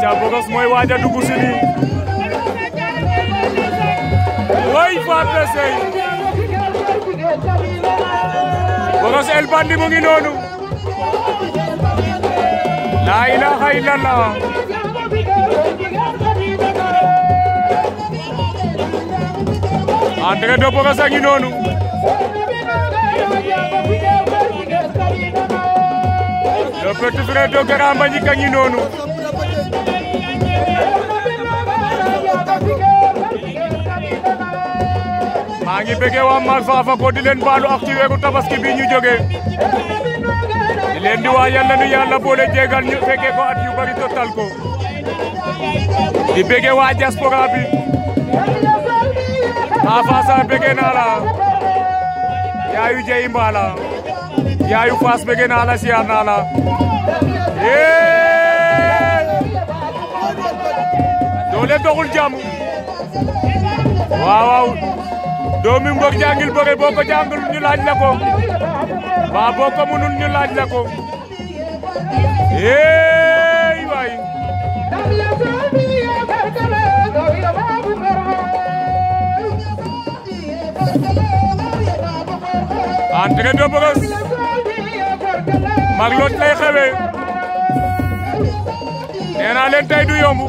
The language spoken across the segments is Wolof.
Aca Brokoss mooy waaj a dugg si nii way Fatou El Bandit mu ngi noonu laa ilaaha illallah André de Brokoss a ngi noonu le petit frère de Grand Mbagnick maa ngi bëggee waa Malfafa ko di leen baalu ak ci tabaski bi ñu jóge di leen di nu yàlla boole jéegal ñu fekkee ko at yu bari total ko di bëggee waa diaspora bi Fafa Sarr bëggee naa la yaayu Jeyi Mbala yaayu Fass bëggee naa la siyaar naa la doole doxul jàmm waaw waaw doomi Ngor jàngil bëre boo ko jàngul ñu laaj la ko waa boo ko mënul la ko eey waay Entrée de Brosse mag loot lay xewee nee naa leen tey du yomb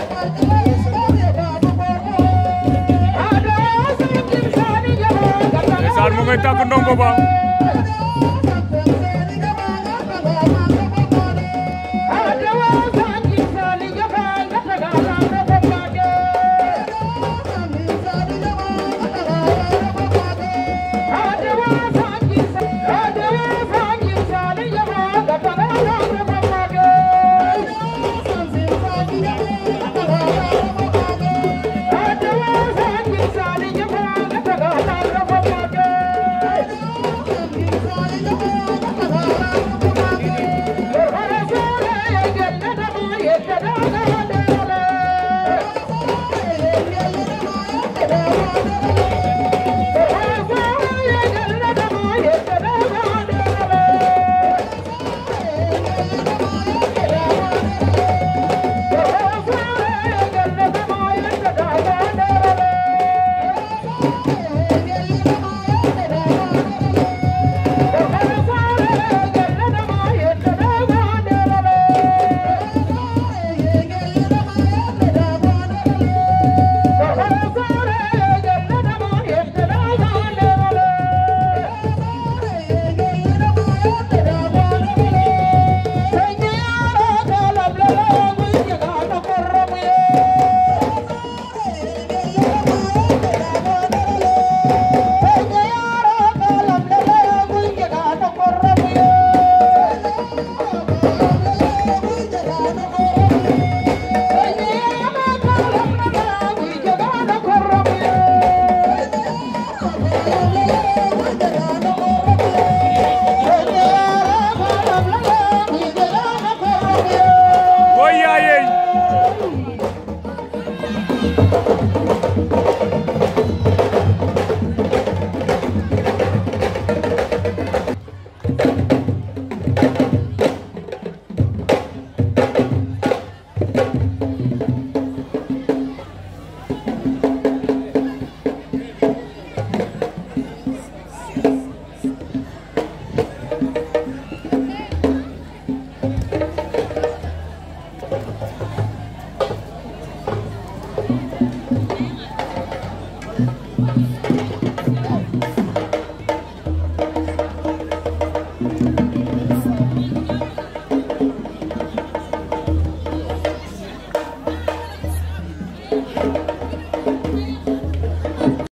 koy tàgg ndombo ba